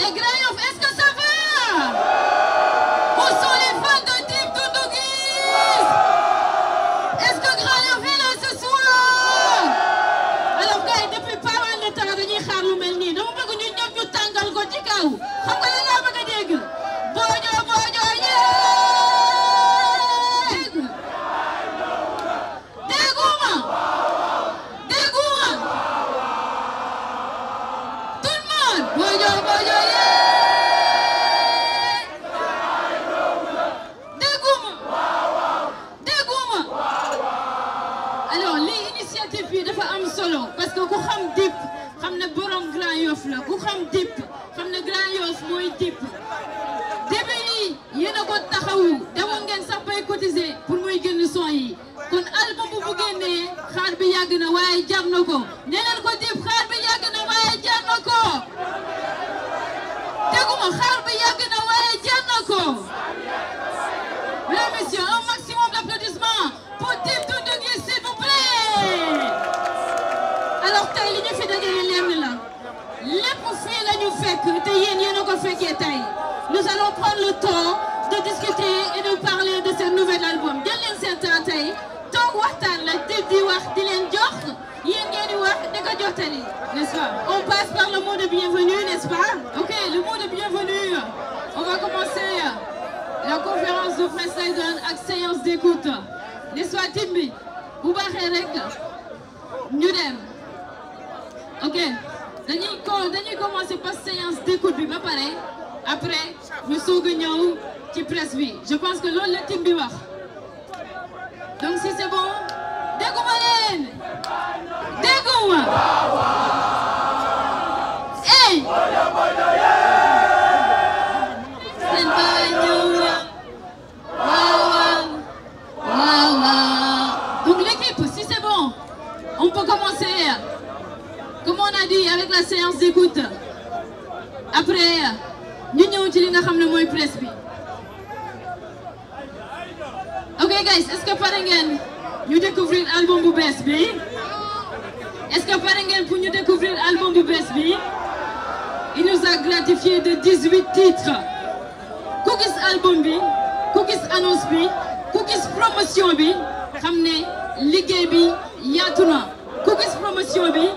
É grande, é nous découvrir album du est-ce que par pour découvrir l'album du best il nous a gratifié de 18 titres Cookies album bi annonce bi promotion bi les bi Yatuna. promotion bi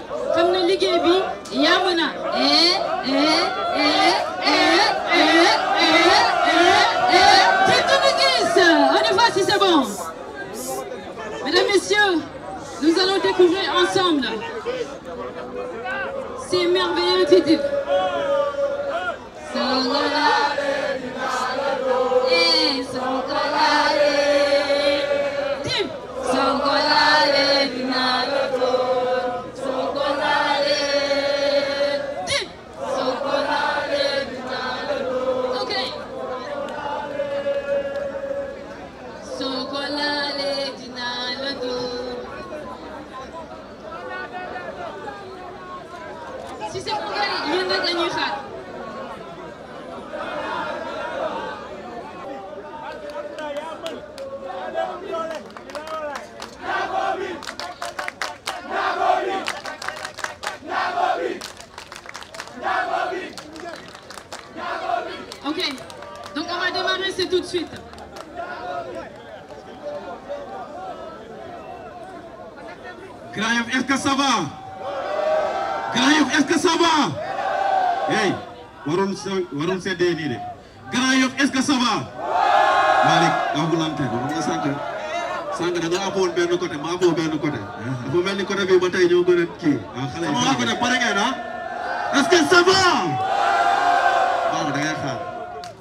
Mesdames, Messieurs, nous allons découvrir ensemble ces merveilleux titres. suite. Grand Yoff est-ce que ça va. Grand waroon sa waroon seddee nii de. Grand Yoff est-ce que ça va. Malick nga da nga amoon benn côté ma amoon benn côté. dafa mel ni côté bi ba ah, pare ngeen ah. est-ce que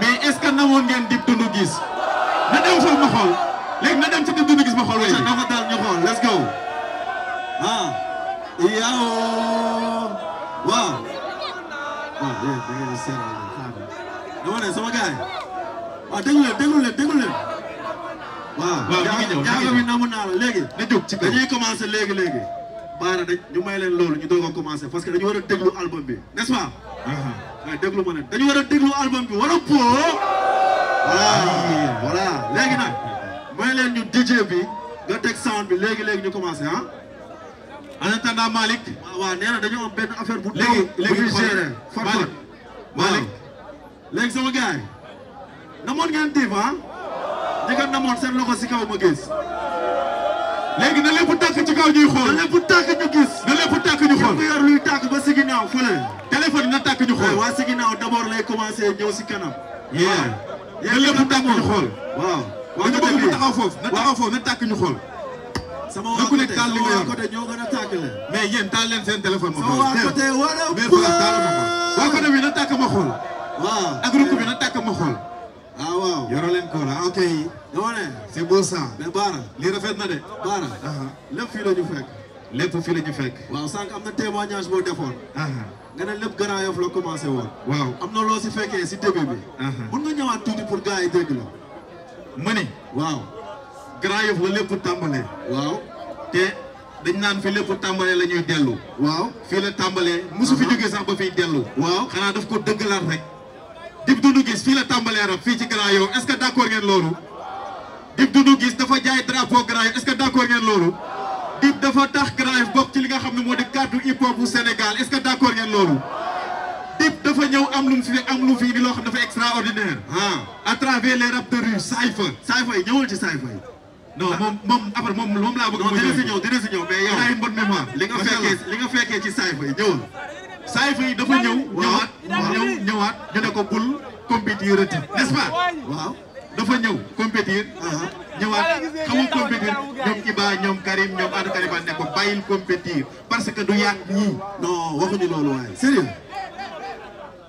mais est-ce que nangoon ngeen dib dundu gis na dem foofu ma xool léegi na dem ci dib dundu gis ma xool. léegi na ko daal ñu xool let's go ah. yaaw waaw. ah bien da ngeen di sama gars yi waaw déglu leen déglu leen déglu leen. waaw ñoo ñoo ngi namu naa la léegi. na jóg ci dañuy commencé léegi léegi. baara dañ ñu may leen loolu ñu doog a commencé parce que dañu war a déglu album bi n'est-ce waaye déglu ma ne dañu war a déglu album bi war a po voilà voilà léegi nag may leen ñu DJ bi nga teg bi léegi léegi ñu commencé ah. en attendant Malick. waaw nee na dañoo am benn affaire bu. léegi léegi ñu géré Malick Malick léegi sama gars yi namoon ngeen diif ah. ñi nga namoon seen si kaw ma gis. léegi na lépp tàkk ci kaw ñuy xool na lépp tàkk ñu gis na lépp tàkk ñu xool yor luy tàkk ba si ginnaaw fële téléphone na tàkk ñu xool waa si ginnaaw d'abord lay commencé ñëw si kanam yé na lépp tàkk ñu xool waaw waaw ñu bëgg mu taxaw foofu na taxaw foofu na tàkk ñu xool sama waa côté sama waa côté ñoo gën a tàkk la mais yéen taal leen seen téléphone ma xool sama côté wala mais waa côté bi na tàkk ma xool waaw ak rukk bi na tàkk ma xool waaw yoroo leen Kaolack ah ok. dama ne c'est beau ça. mais Baara lii rafet na de. Baara. lépp fii la ñu fekk. lépp fii la ñu fekk. waaw sànq am na témoignage boo defoon. nga lépp Grand Yoff la commencé woon. waaw am na loo si fekkee si début bi. mun nga ñëwaat tuuti pour gars yi dégg la. ma ni. waaw. Grand Yoff la lépp tàmbalee. waaw te dañ naan fi lépp tàmbalee la ñuy dellu. waaw fii la tàmbalee. mosu fi jógee sax ba fiy dellu. waaw xanaa daf ko dëggalaat rek. Dip Doundou Guiss fii la tàmbalee rab fii ci Grand Yoff est-ce que d'accord ngeen loolu Dip Doundou dafa jaay drapeau Grand Yoff est-ce que dafa tax Grand Yoff bokk ci li nga xam ne moo di cadre hip hop bu Sénégal est-ce que d'accord ngeen loolu Dip dafa ñëw am lu mu fi am lu fi di loo xam dafa extraordinaire ah à travers les rap de rue Saïfa Saïfa yi ñëwal ci Saïfa yi non moom moom après a moom laa bëgg dina si ñëw dina si ñëw mais yow ay bonne mémoire li nga fekkee li nga fekkee ci Saïfa yi ñëwal Saayfa yi dafa ñëw. ñëwaat ñëw ñëwaat ñu ne ko bul compétir rëti n'est-ce dafa ñëw compétir. ñëwaat xamu compétir ñoom Iba ñoom Karim ñoom Adou Karim ne ko bàyyil compétir parce que du yàq ñii. non waxuñu loolu waaye sérieux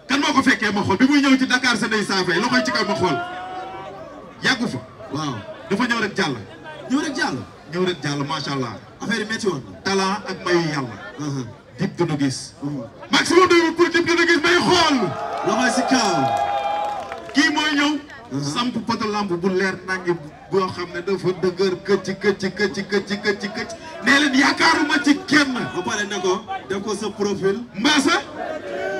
kan moo ko fekkee ma xool bi muy ñëw ci dakaar sa day Saayfa yi loxoy ci kaw ma xool yàggu fa. waaw dafa ñëw rek jàll. ñëw rek jàll. ñëw rek allah. affaire yi métti woon ak mayu yàlla. Dip Doundou Guiss. maximum de pour Dip Doundou Guiss bay xool. loxo si kaw. kii mooy ñëw. samp poto bu leer nangi boo xam ne dafa dëgër këcc këcc këcc këcc këcc këcc. nee leen yaakaaruma ci kenn. ba pare ne ko def ko sa profil. Mbassa.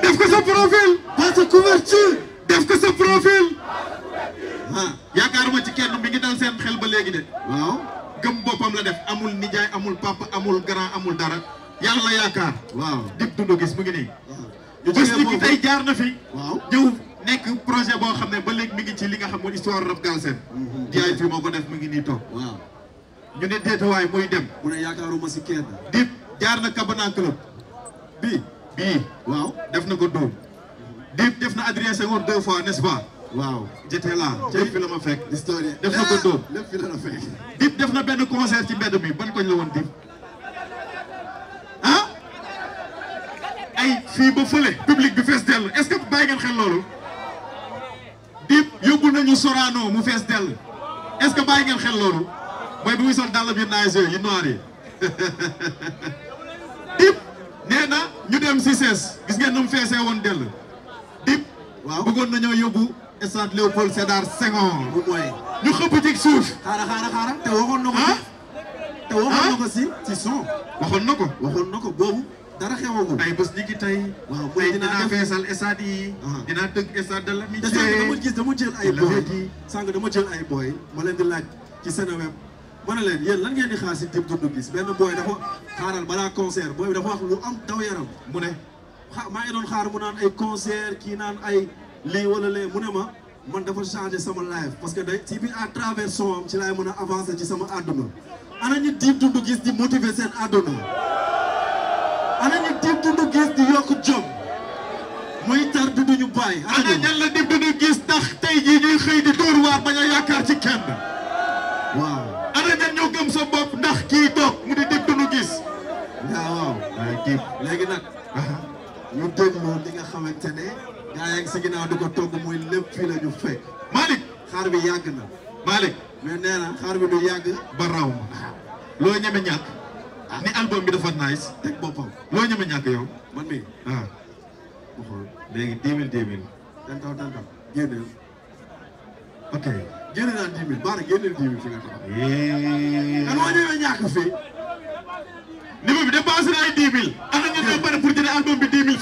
def ko sa profil. pas sa couverture. def ko sa profil. Ah. yaakaaruma ci kenn bi ngi dal seen xel ba léegi de. waaw gëm boppam la def amul nijaay amul papa amul grand amul dara. yàlla yaakaar. waaw dig dund gis mu ngi nii. waaw bés ni ki tey jaar na fi. waaw ñëw nekk projet boo xam ne ba léegi mu ngi ci li nga xam mooy histoire rap Galsen. jaay mhm. fi moo ko def mu ngi nii toog. waaw ñu ne déetawaay muy dem. mu ne yaakaaruma si kenn. jaar na Kabana club. bii bii. waaw def na ko Dóor. dit def na Adrien Senghor deux fois n'est-ce pas. waaw j'étais laa lépp fi la ma fekk. histoire def na ko Dóor lépp fi def na benn concert ci mbedd mi ban koñ la woon dit. ay fii ba fële public bi fees dell est-ce que bàyyi ngeen xel loolu dip yóbbu nañu Sorano mu fees dell est-ce que bàyyi ngeen xel loolu mooy bi muy sol dàll bi naaj yu noir dip nee na ñu dem si sees gis ngeen nu mu feesee woon dell dip waaw bëggoon nañoo yóbbu stade Léopold Sédar Senghor bu mooy ñu xëpp ci suuf xaara xaara xaara te waxoon na ko te waxoon na ko si ci son waxoon na ko waxoon na ko boobu dara xewagul ay bés ni ki tey. waaw mooy dinaa ay booy sànq dama jël ay booy ma di laaj ci Seneweb ma ne leen yéen lan ngeen di dafa xaaral balaa concert booy bi wax lu am daw yaram mu ne xa maa ngi doon xaar mu naan ay concert kii naan ay lii wala lee mu ne ma man dafa changé sama live parce que day ci biir à travers son am ci laay mën a avancer ci sama àdduna ana ñu Dip Doundou Guiss di motiver seen àdduna ana ñu diib dundu gis di yokk jom muy tar bi duñu bàyyi ana ñan la diib dundu gis tax tey jii ñuy xëy di dóor waar bañ a yaakaar ci kenn waaw ana ñan ñoo gëm sa bopp ndax kii toog mu di diib dundu gis waaw waaye diib léegi nag ñu déglu li nga xamante ne gaa si ginnaaw di ko togg muy lépp fii la ñu fekk Malick xaar bi yàgg na Malick mais nee na xaar bi du yàgg ba ma loo ñeme ñàkk ni album bi dafa nice loo ñeme ñàkk yow man mii waaw ah. ma xool léegi dix mille dix mille dantaw dantaw génneel ok génne naa dix mille baara génneel dix mille fi nga taxaw kan eh. loo ñeme ñàkk fii niveau bi dépassé na ay dix mille ana nga ñoo pare pour jënd album bi dix mille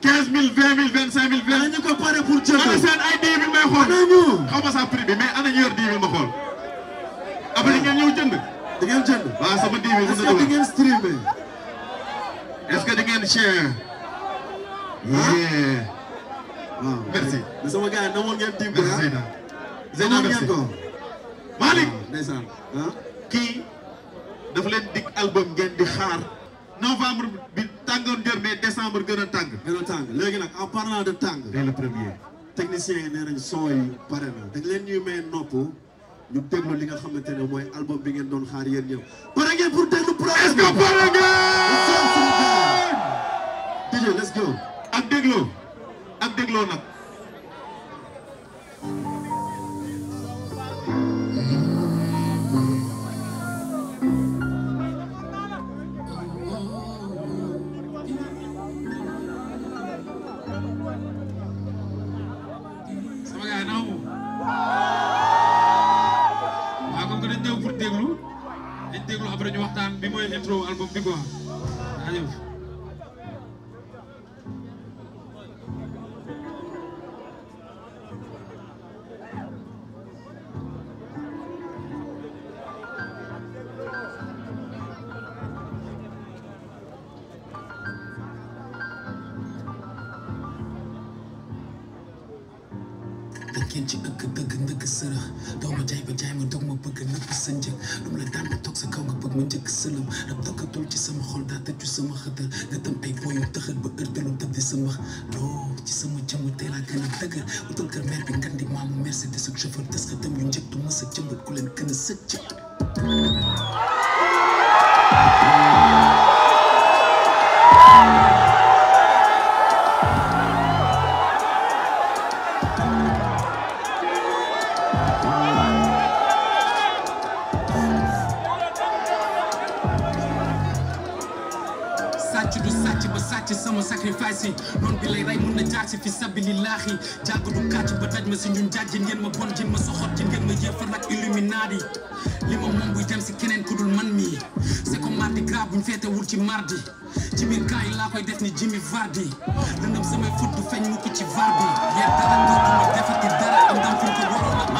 quinze mille vingt mille vingt cinq mille vingt ñu ko pare pour jënd ay dix mille may xool xaw ma sa prix bi mais ana ñu yor dix mille ma xool après di ngeen jënd. waaw sama diim yi est-ce que di ngeen streamer. est-ce que di ngeen share. Ah. yeah. waaw ah, merci. sama gars yi namoon ngeen diim. merci ah. Zeyna. Zeyna merci ko. Malick ndeysaan kii dafa leen dig album ngeen di xaar. novembre bi tàngoon jër mais décembre gën a tàng. gën a tàng léegi nag en parlant de tàng. dès le premier. technicien yi nee nañ son yi pare na. dañ leen ñuy may nopp. ñu déglu li nga xamante ne mooy album bi ngeen doon xaar yéen ñëw. pare ngeen pour déglu projet est-ce que pare ngeen. DJ let's go. ak dégloo nag. intro album bi quoi jaajëf kiên chỉ ức cực cực cực sơ đâu mà chạy và chạy mà đông mà bực cực nước sân chừng đúng là tan mà thuốc sẽ không bëgg ma njëkk sëlëm rab takkatul ci sama xol daa tëju sama xëtër nga tam ay boyu ba ërtalu dab di sama doo ci sama jëmm tey laa gën a dëgër utal kër bi ngan di maamu Mercedes ak chauffeur des ka tam yu njëkk du mës a jëmbat ku leen gën a sëcc sacré faasi noon bi lay rey mun na jaasi fi sabilillahi jàgg du kàcc ba daj ma si ñun jaaj jin ngeen ma bon jin ma soxot jin ngeen ma yéefar ak illuminati li ma moom buy dem si keneen ku dul man mii c'est comme mardi gras buñ feetewul ci mardi ci biir kaa yi laa koy def ni Jimmy Vardy dëndam samay fut du feeñ mukk ci vardi yeer dara dootu ma defati dara am dam fi ko waroon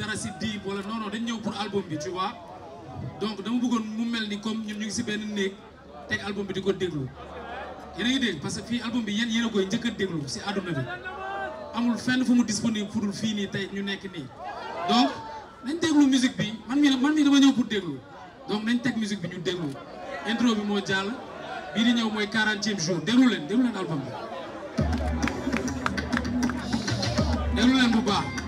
dara si diib dañ ñëw pour album bi tu dama bëggoon mu mel ni comme ñun ñu ngi si benn néeg teg album bi di ko déglu yéen a ngi parce que fii album bi yéen yéen a koy njëkk a si àdduna bi amul fenn fu mu disponible pour fii nii tey ñu nekk nii donc nañ déglu musique bi man mii man mii dama ñëw pour déglu donc nañ teg musique bi ñu déglu intro bi moo jàll bii di ñëw mooy quarantième jour déglu leen déglu leen album bi déglu bu baax.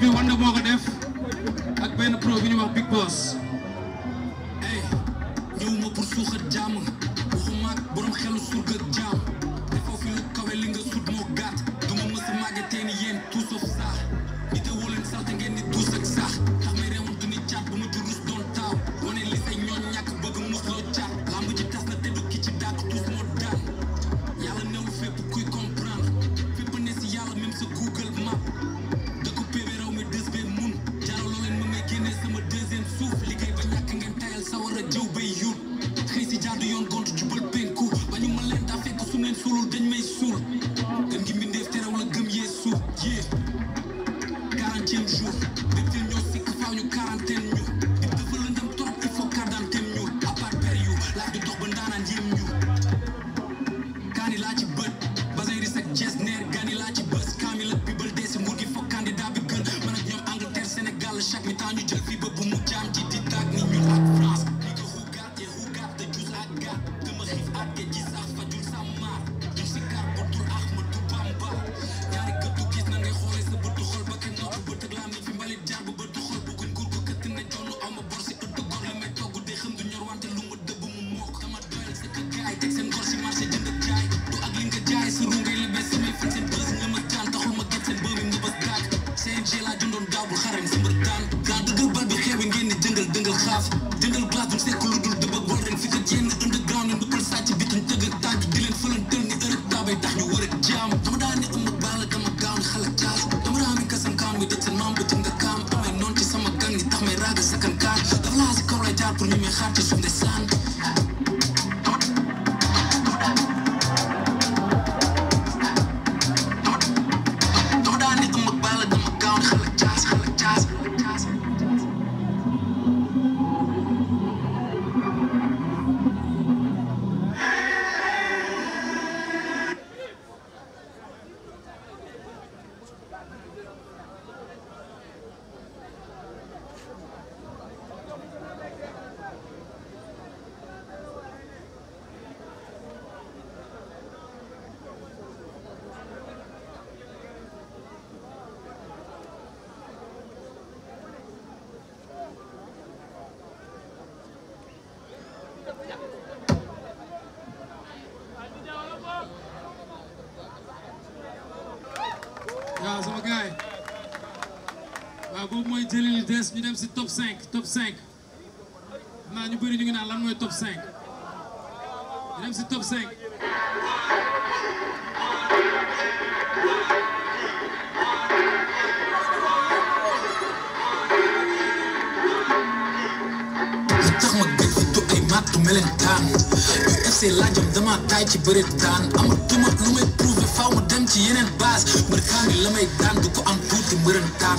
bit bi wanda moo ko def ak benn pro bi ñu wax big boss ay ñëwuma pour suuxat jaam waxuma ak borom xelu surga jaam 5 top 5 naa ñu bëri ñu ngi naan lan mooy top laajam dama taay ci bëre daan amatuma lu may prouvé faaw ma dem ci yeneen base mbër kaa ngi la may daan du ko am tuuti mbërëntaan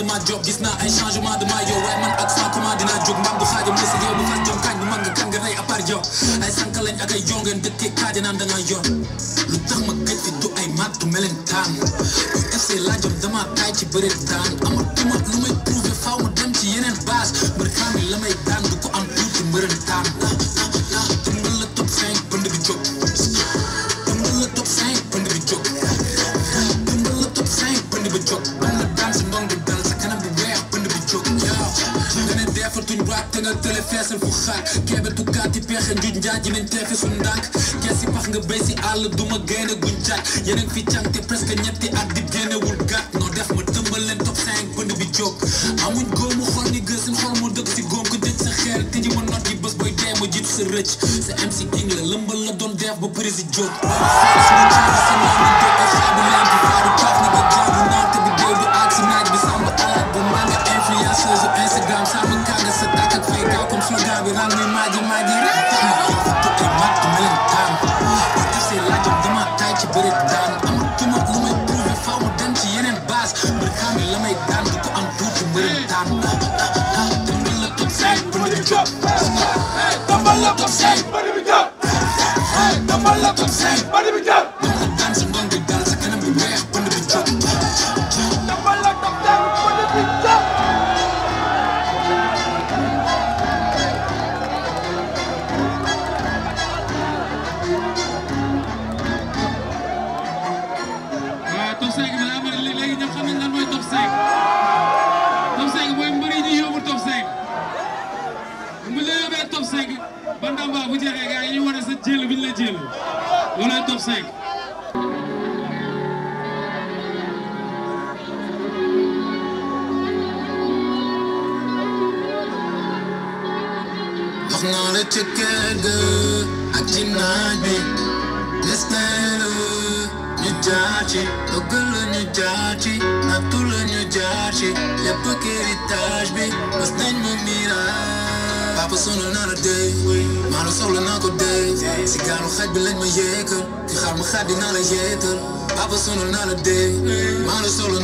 dama job gis naa ay changement dama yow waaye man ak Fatuma dina jóg mbaam bu xaaja mooy sa yow bu fas jom kañ bu mag nga kan nga rey à part yow ay sànq lañ ak ay jongeen dëkkee kaaja naan da nga yoon lu tax ma gëj fi du ay maat du meleen taan UFC laajom dama tay ci bëre daan feesal fu xaak keebel bu kaati pexe njuñ njaaj yi nañ teefe su ndànk kees yi pax nga béy si àll duma gaynde guñ jaaj yeneen fi cante presque ñetti at di génnewul gàtt noo def ma tëmbal leen top 5 bënd bi jóg amuñ góomu xol ni gës seen moo dëkk si góom ko dëj sa xeer tëji ma not yi bés booy dee ma jiitu sa rëcc sa MC King la lëmbal la doon def ba prési jóg me ça. jaar ci nattu la ñu jaar ci lépp héritage bi mas nañ ma miraas papa sonu naa la dey maanaam soxla naa ko dey si gaanu xaj bi lañ ma yéegal ki xaar ma xaj dinaa naa la dey maanaam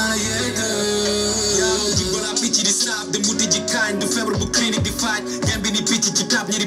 la yéegal ji balaa di saab di muti ji kaañ du feebar bu clinique di faaj ñam bi ni picc ci tab ñi di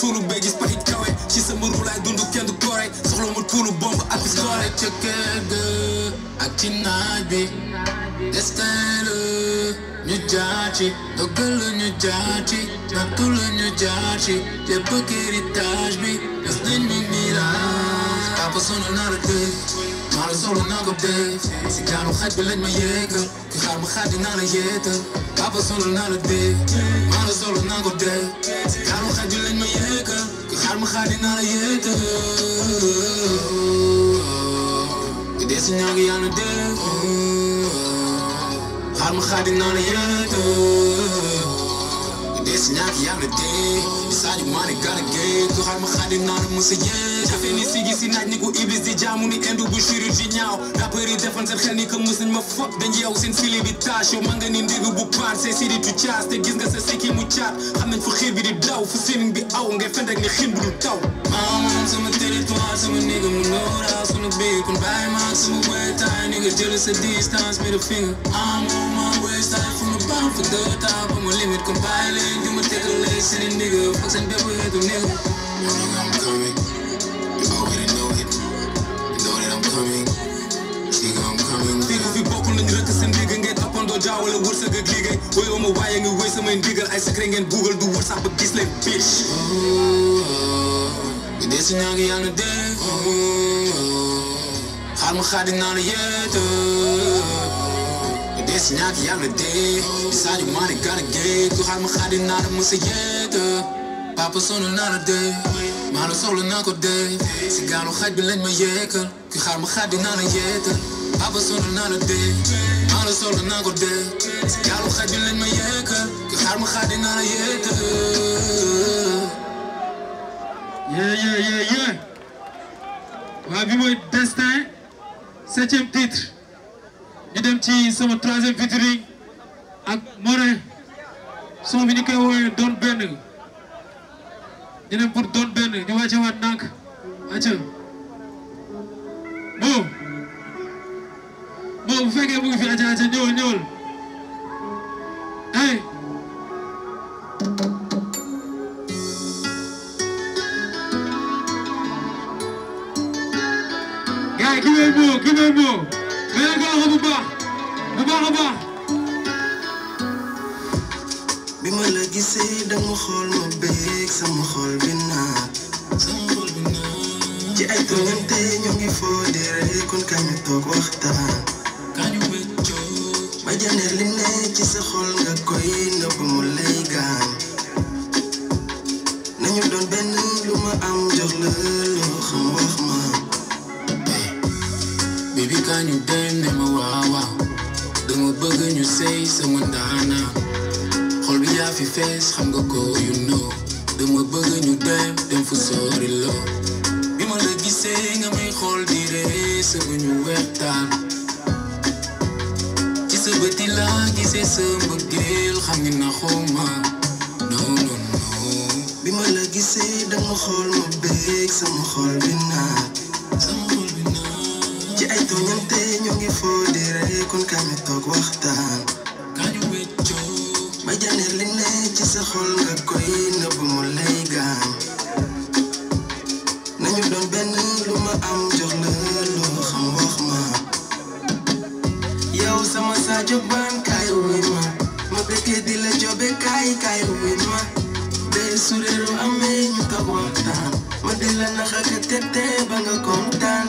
fulu beji spahi kawe ci sama ru laay dund kenn du koray soxla ma tuulu bomb ak doole ca kër ga ak ci naaj bi destin la ñu jaar dogal ñu jaar ci ñu jaar ci jëpp héritage bi des mi ñu mirage papa sonal maa la soxla naa ko dégg si daanu xaj bi lañ ma yegg ki xaar ma xaaj dinaa la yeete papa soxla naa la dégg maa la soxla naa ko dégg si daanu bi lañ ma yegg ki xaar ma xaaj dinaa la yeete ki dee si ñaag yaa na dégg xaar ma xaaj dinaa la yeete snap ya le day sadi mane gala gay ko xal ma xadi na mu se yeen jafé ni sigi si naaj ni ko iblis di jaamu ni endu bu shiru ji ñaaw rappeur yi defal seen xel ni ma fop dañ yow seen fili bi tâche manga ni ndig bu paan say sidi tu caas te gis nga sa mu caat xam nañ fu xiir bi di daw fu seen bi aw ngay fen rek ni xin bu du taw maama territoire sama nigga mu nooraa sunu biir kon bàyyi ma sama way taay nigga jël sa distance middle finger I'm on my way side Stop for the top, I'ma limit compiling. You must take a lesson, nigga. Fuck some devil, hit them nigga. You know I'm coming. You already know it. You know that I'm coming. Nigga, I'm coming. Nigga, vi bokul në ngrëtë se ndigën Get up on the jaw do gjawë lë wërse gë gligën Oj o më wajë ngë wëjse më ndigën Aj se krengën Google up with this gisle bitch Gëdesi nga gë janë në dek Harë më khadi nga në jetë Yes, now I am day. Sadi money got a gotta To have my makhadi na na musayeta. Papa son na na day. Mano solo na ko day. Sigaro khad bilen yaker. To have my makhadi na na yeta. Papa son na na day. Mano solo na ko day. Sigaro khad bilen yaker. To have my makhadi na na yeta. Yeah, yeah, yeah, yeah. On a vu mon destin. Septième titre. ñu dem ci sama troisième featuring ak Moré son bi ñu koy woowee doon benn ñu dem pour doon benn ñu wàcce waat nànk acca moo moo bu fekkee mu ngi fi acca acca ñëwal ñëwal ay gaay gi moo gi moo da ngeen ko wax bu a bi ma la gisee dama xool ma beeg sama xool bi naat. ci ay toñante ñoo ngi foo di rek toog waxtaan. ma jëndee li ne ci sa xol nga koy nëbb mu lay gaañ. nañu doon benn lu ma am jox la loo wax. kaa ñu dem ne ma waawaaw dama bëgg ñu sëy sa ndaana xol bi yaa fi fees xam nga ko you know dama bëgg ñu dem dem fu sori loo bi ma la gisee nga may xool di ree sama ñu wextaan ci sa bëti laa gisee sa mbëggeel xam nga na xoma non non non bi ma la gisee dama xool ma beeg sama xol bi naat gi ñu ngi foo di rey toog waxtaan. kañu weccoo. ma jànneer li ne ci sa xol nga koy nëbb mu lay gaañ. nañu doon benn lu ma am jox la loo xam wax ma. yow sama Sadio Bane kaay wuy ma. ma dëkkee di la jobe kaay kaay wuy ma. bee su réeru amee ñu toog waxtaan. ma di la nax tete ba nga kontaan.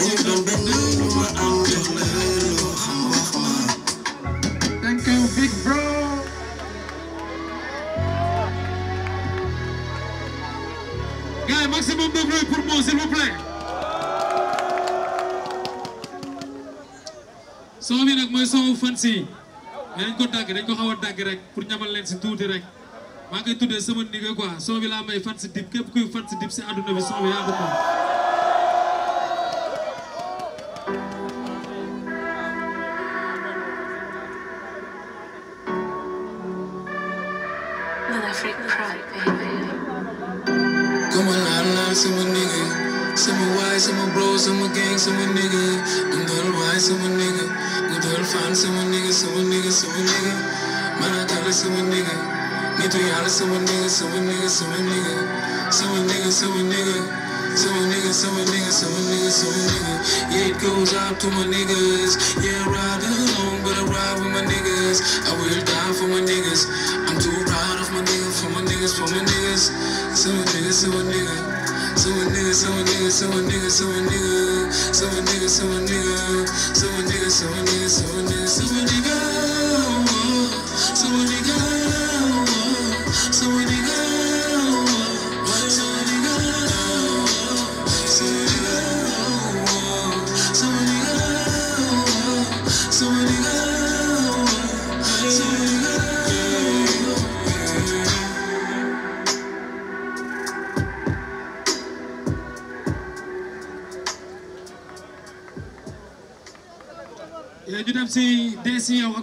Thank you, big bro. Gars, maximum de bruit pour moi, s'il vous plaît. son bi nag mooy son fancy dañ ko dagg dañ ko xaw a dagg rek pour ñamal leen si tuuti rek maa ngi koy tuddee sama nigga quoi son bi laa may fancy dip képp kuy fancy dip si àdduna bi son bi yaa ko Need to yell honest, so a nigga, so a nigga, so a nigga, so a nigga, so a nigga. So a nigga, so a nigga, so a Yeah, it goes out to my niggas. Yeah, I ride alone, but I ride with my niggas. I will die for my niggas. I'm too proud of my niggas, for my niggas, for my niggas. Some niggas, some niggas, some niggas, some niggas, some niggas, some niggas, some niggas, some niggas, some niggas. So a nigga, so a nigga.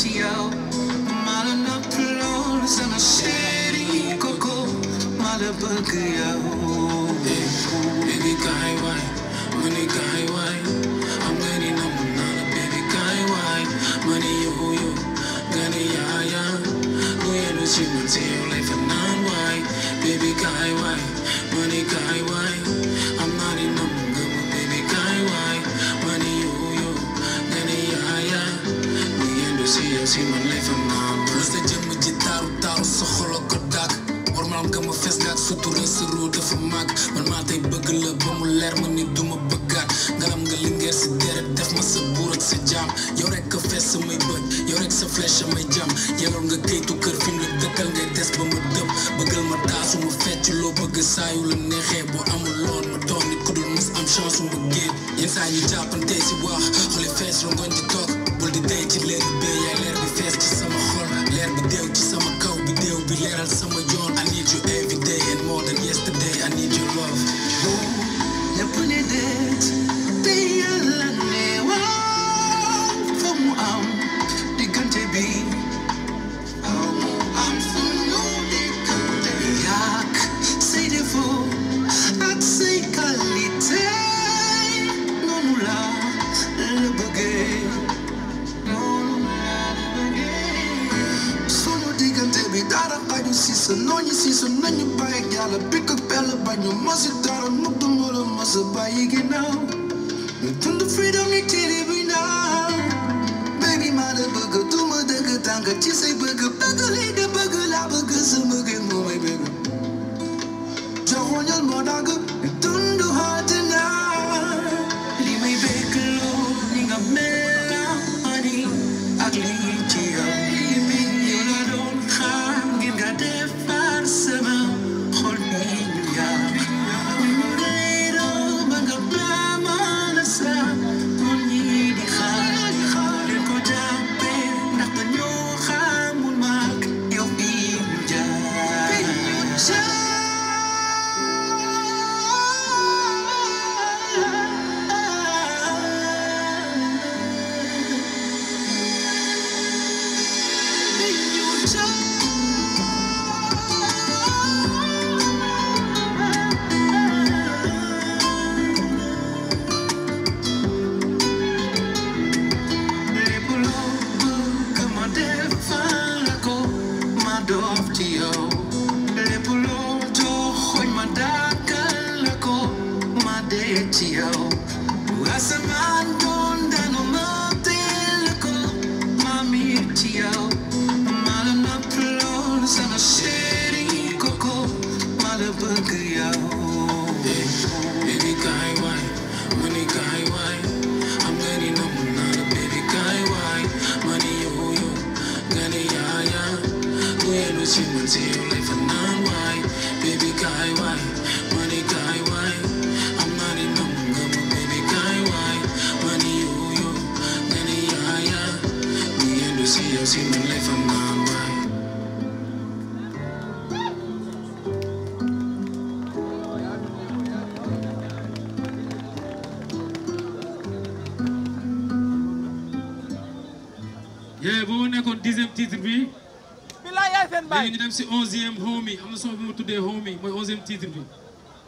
Santiago, Malana Plon, Sama Shady, Coco, Malabugaya. Baby Money I'm getting up, not baby guy, why? Money, yo, yo, Gani, ya, ya. We're the same material, life, and non-why. Baby guy, why? Money guy, why? cause he living not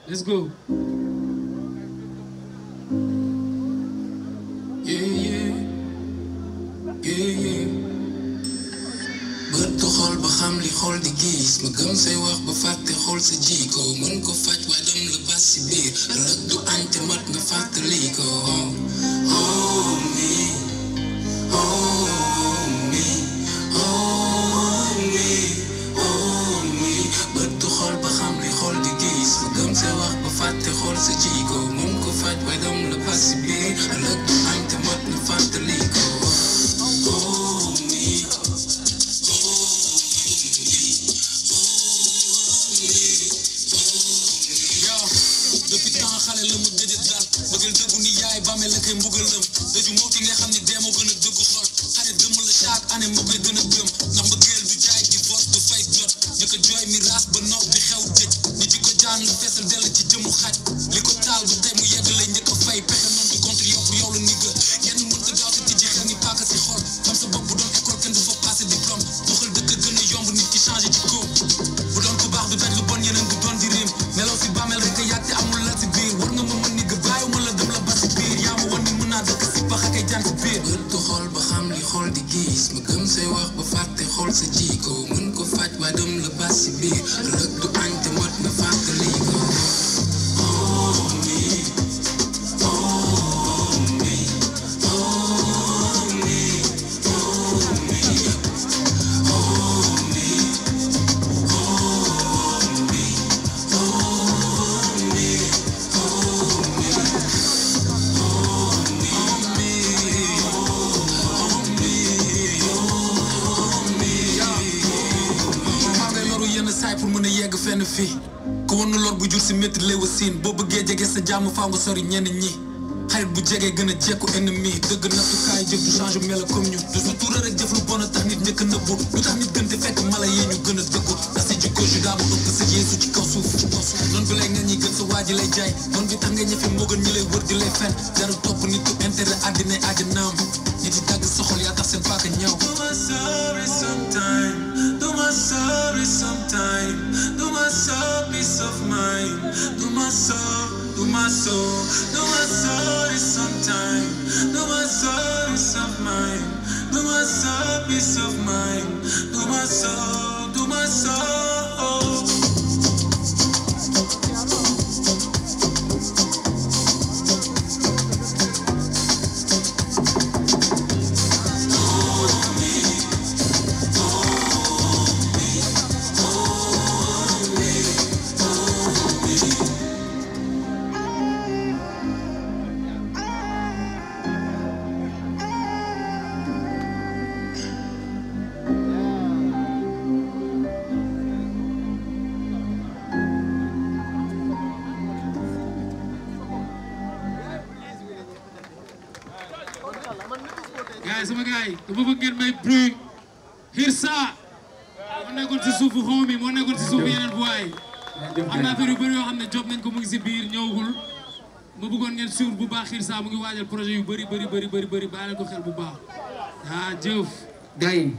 Let's go. xàmmee la koy mbugal lëm daju moo ki nga xam ne dee moo gën a dëgg xol xarit dëmul la chaque année moo koy gën a gëm ndax mbëggeel du jaay divorce du fay jot ñu ko jooy mi raas ba sa jàmm faaw nga sori ñenn ñi xarit bu jege gën a jekku ennemi dëgg nattukaay jëf du change melo comme ñu du sutura rek jëf lu bon a tax nit njëkk nëbbu lu tax nit gën di fekk mala yee ñu gën a dëggu ndax sa jikko ju daa ëpp sa yeesu ci kaw suuf ci kaw suuf bi lay nga ñi gën sa waa ji lay jaay noonu bi tax nga ñëfe moo gën ñi lay wër di lay fen jaru topp nit ku intérêt àddina àddinaam ñi di dagg sa yaa tax seen paaka ñaaw soul. No my soul is sometime. No my soul is of mine. No my soul is of mine. No my soul, no my soul. du bëgg ngeen may bruit Hirsa moo nekkoon ci suufu xawmi moo nekkoon ci suufu yeneen waay am na affaire yu bëri yoo xam ne job nañ ko mu ngi si biir ñëwagul ma bëggoon ngeen suivre bu baax Hirsa mu ngi waajal projet yu bëri bëri bëri bëri bëri bàyyi ko xel bu baax ah jëf gars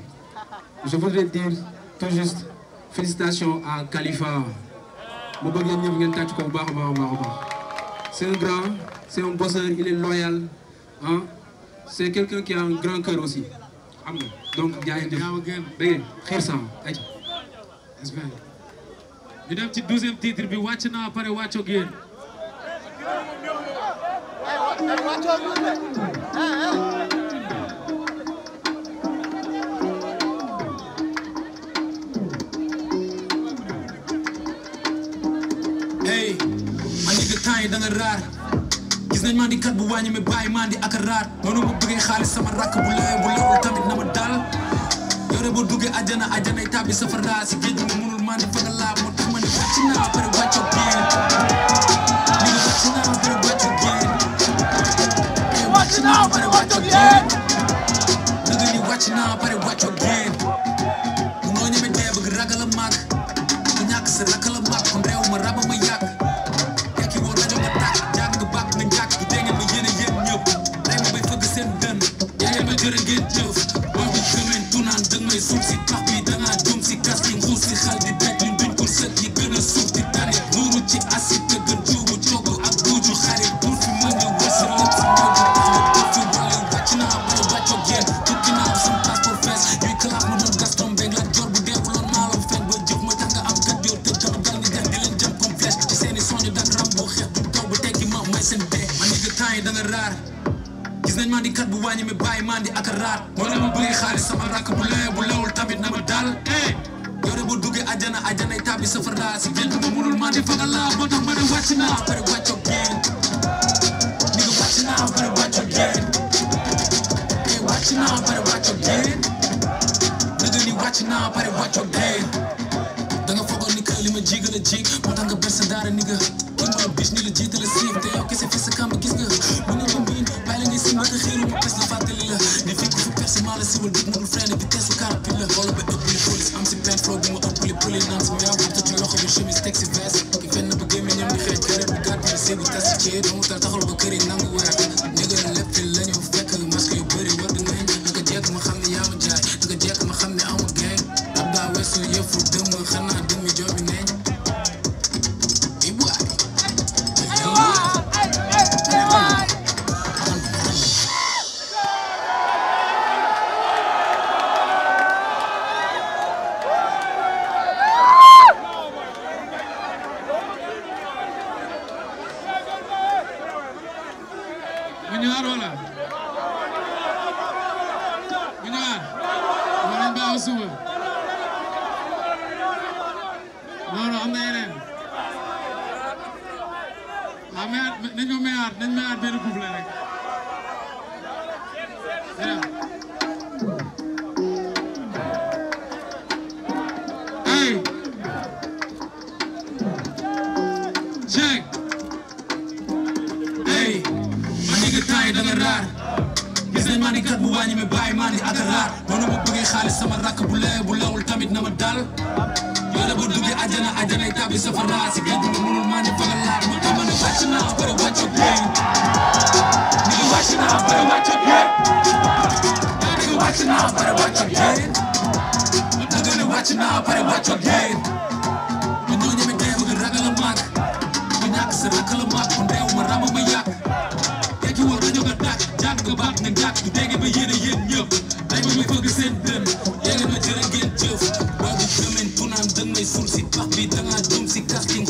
je voudrais dire tout juste félicitations à Khalifa ma bëgg yéen ñëpp ngeen tàcc ko bu baax baax a baax c'est un grand c'est un bosseur il est loyal Hein? c'est quelqu'un qui a un grand cœur aussi xam nga donc gaa yi ñëw dégg ngeen xeer sama ayca. ñu dem ci douzième titre bi wàcc naa pare wàccoog yéen. hey. I need que temps yi da nga raar gis nañ mandi kat bu wàññi mi bàyyi mandi ak raat noonu ma bëggee xaalis sama rakk bu lay bu lewul tamit na ma dal yore boo duggee ajana ajana tàbbi safar daa si géej gi munul mandi fa nga laab moo tax ma ne wàcc naa pare wàccoo bien ñu wàcc naa pare wàccoo bien wàcc naa pare wàccoo bien dëgg ni wàcc naa pare wàccoo jërë ngeen jëf wax ji gëmeen tunaan dëgg may suuf si tax bi gis nañ man di kat bu wàññi mi bàyyi man di ak raat moo dama bëri xaalis sama rakk bu laye bu lawul tamit na ma dal eh, yore bu duggee àjjana àjjana yi tàbbi safar laa si jël nga mënul man di fagal laa moo tax ma ne wàcc naa pare wàcco geen ni nga wàcc naa pare wàcco geen ni wàcc naa pare wàcco geen ni nga ni wàcc naa pare wàcco geen da nga foogoon ni que li ma jiig la tax nga bersa daara ni nga ki bis ni la jiitala siif te yow kese fi sa kàmb gis nga mala si wol ngul frene bi tesu kar bi le holo be up police am si pen flow bu ma up li puli nan si mew bu ci loxo bi chemise taxi vest ki fenn bu gemi ñam di xej kare bu gat bi to tas ci do mu tal taxal bu kere nan ful, c'est claque les dents, la drum, c'est casting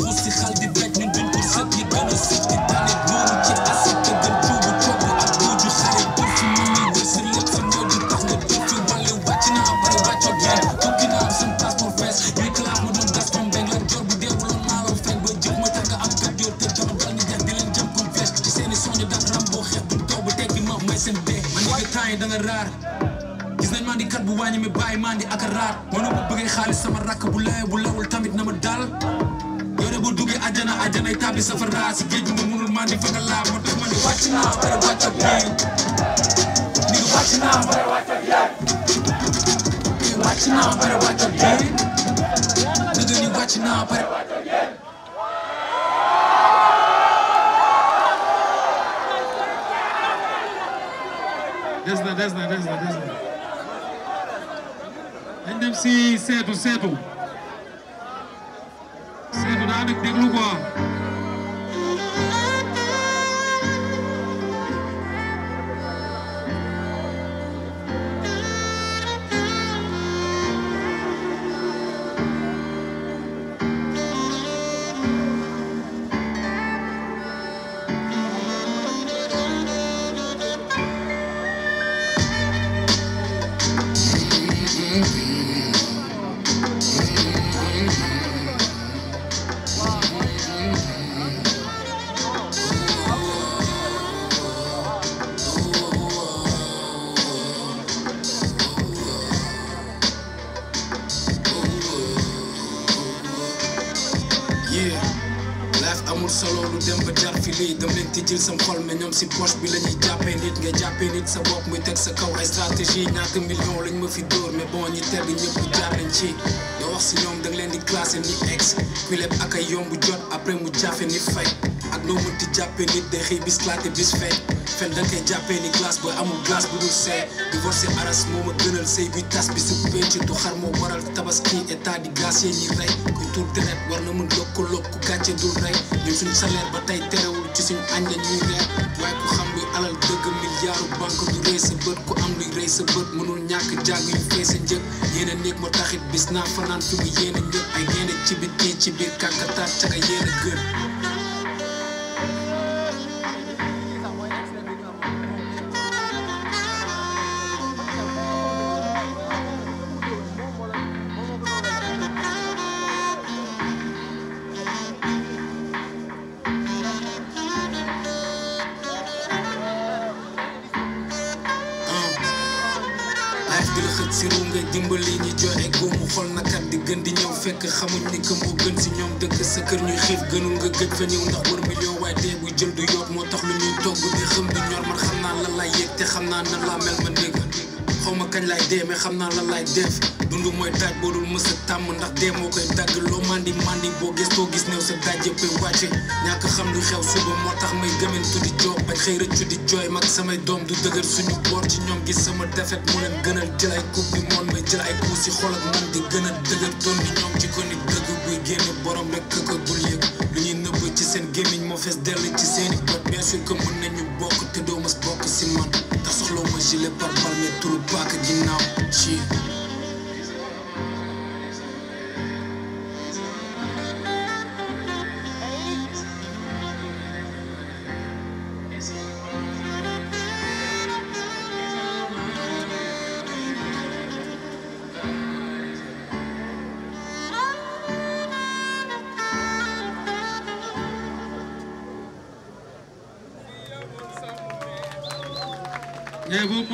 si poche bi la ñuy jàppee nit nga jàppee nit sa bopp muy teg sa kaw ay stratégie ñaata million lañ ma fi dóor mais bon ñi tedd ñëpp jaar nañ ci nga wax si ñoom da leen di classé ni ex ku leb ak yomb jot après mu jaafe ni fay ak noo mënti jàppee nit day xëy bis laate bis fay fen da jàppee ni glace booy amul glace bu dul seey divorcé aras moo ma gënal sëy bi tas bi su penc du xar moo waral tabaski état di glace yi ñuy rey kuy tuur deret war na mën lokko lokku gàcce dul rey ñun suñu salaire ba tey bët ku am luy rey sa bët mënul ñàkk jàng yu fee njëg yéen a néeg moo taxit bis naa fanaan fi mu yéen a ñëpp ay yéen a ci biir ci biir kàkkatar ca ka yéen a dimbali ñi joxe góomu xol nakat di gën di ñëw fekk xamuñ ni que moo gën si ñoom dëkk sa kër ñuy xiif gënul nga gëj fa ndax wër million waaye dee jël du yoot moo tax lu ñuy togg di xëm di ñor man xam naa lan laa yëg te xam naa nan laa mel ma dégg xaw ma kañ laay dee xam naa la laay def dund mooy daaj boo dul mës a tàmm ndax dee moo koy dagg loo mandi mandi boo koo gis néew sa daaj yëpp ay wàcce ñàkk xam lu xew suba moo tax may gëmëntu di joob bañ xëy rëccu di jooy mag samay doom du dëgër suñu boor ci ñoom gis sama defet mu leen gënal jël ay coupe du monde may jël ay coup si xol ak man di gën a dëgër doon ni ñoom ci ko nit dëgg buy génne borom rek këkër bu lu ñuy nëbb ci seen gémmiñ moo fees dell ci seeni bët bien sûr que bokk te doo mas bokk si diplomă și zile par palme tulpacă din am Și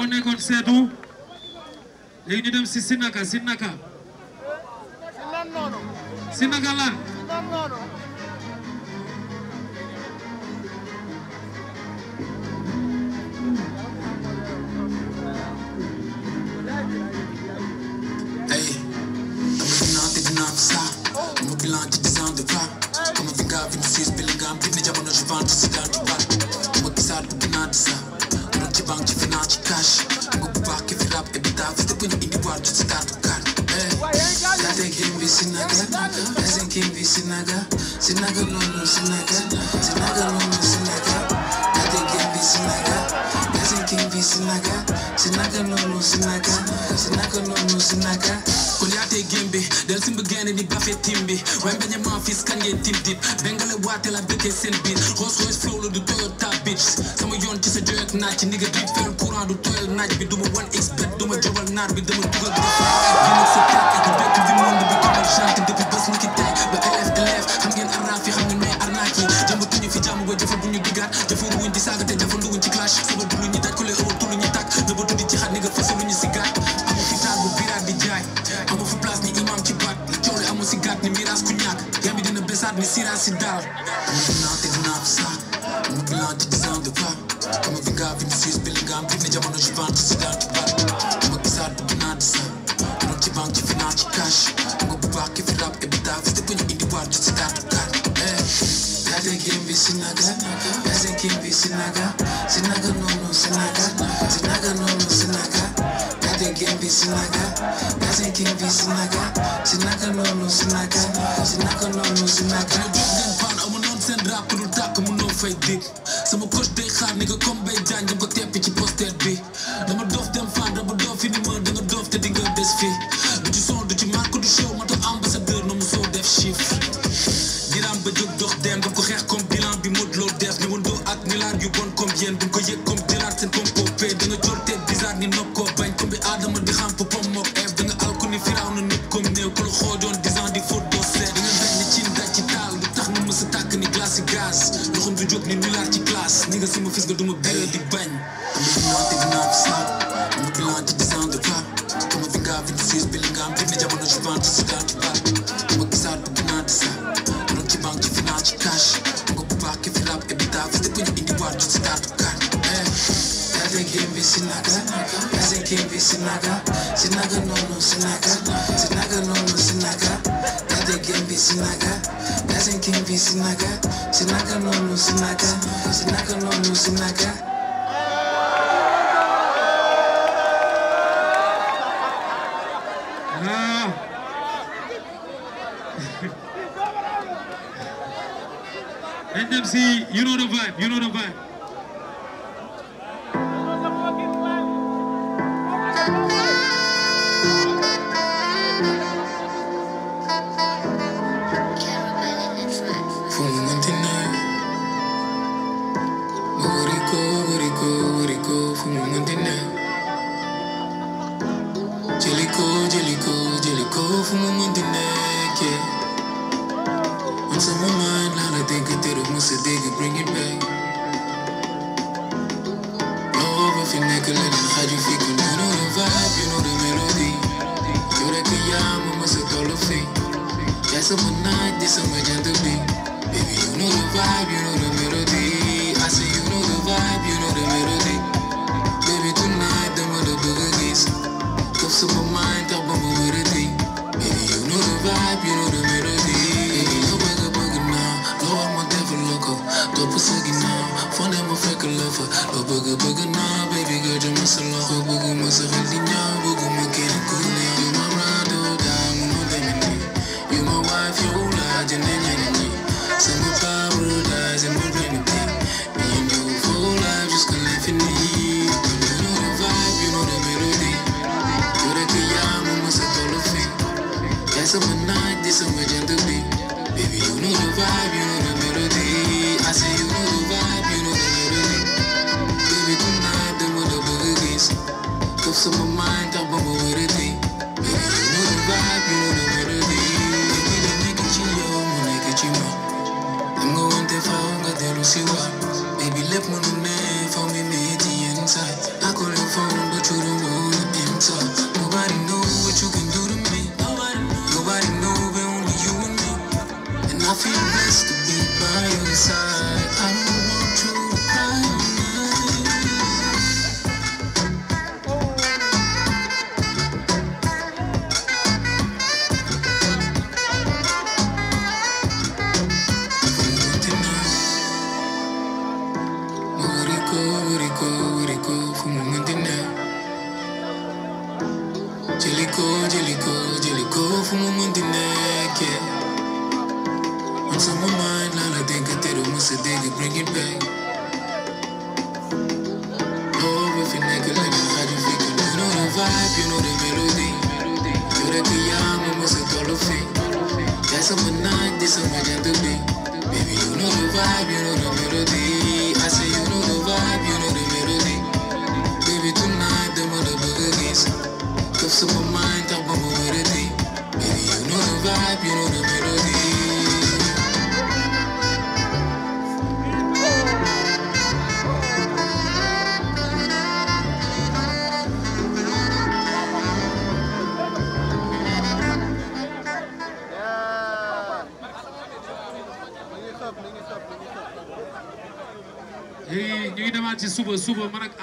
mu nekkoon seetu léegi ñu dem si Sinaka Sinaka Sinaka lan sinaga, sinaga lolo, sinaga, sinaga lolo, sinaga, daddy game be sinaga, cousin king be sinaga, sinaga lolo, sinaga, sinaga lolo, sinaga. Kuliate gembe, del simbe gane di bafe timbi. wembe nye mafis kanye tim dip, bengale wate la beke sen bit, Rolls Royce flow lo du Toyota bitch, sama yon ci sa joyok naaj ci nigga drip fer courant du toyol naaj bi duma one expert, bet duma jobal narbi, bi dama dugal duma fa ak 지나가 Sinaka, Sinaka, no, no, Sinaka. Ah. NMC, you know the vibe, you know the vibe.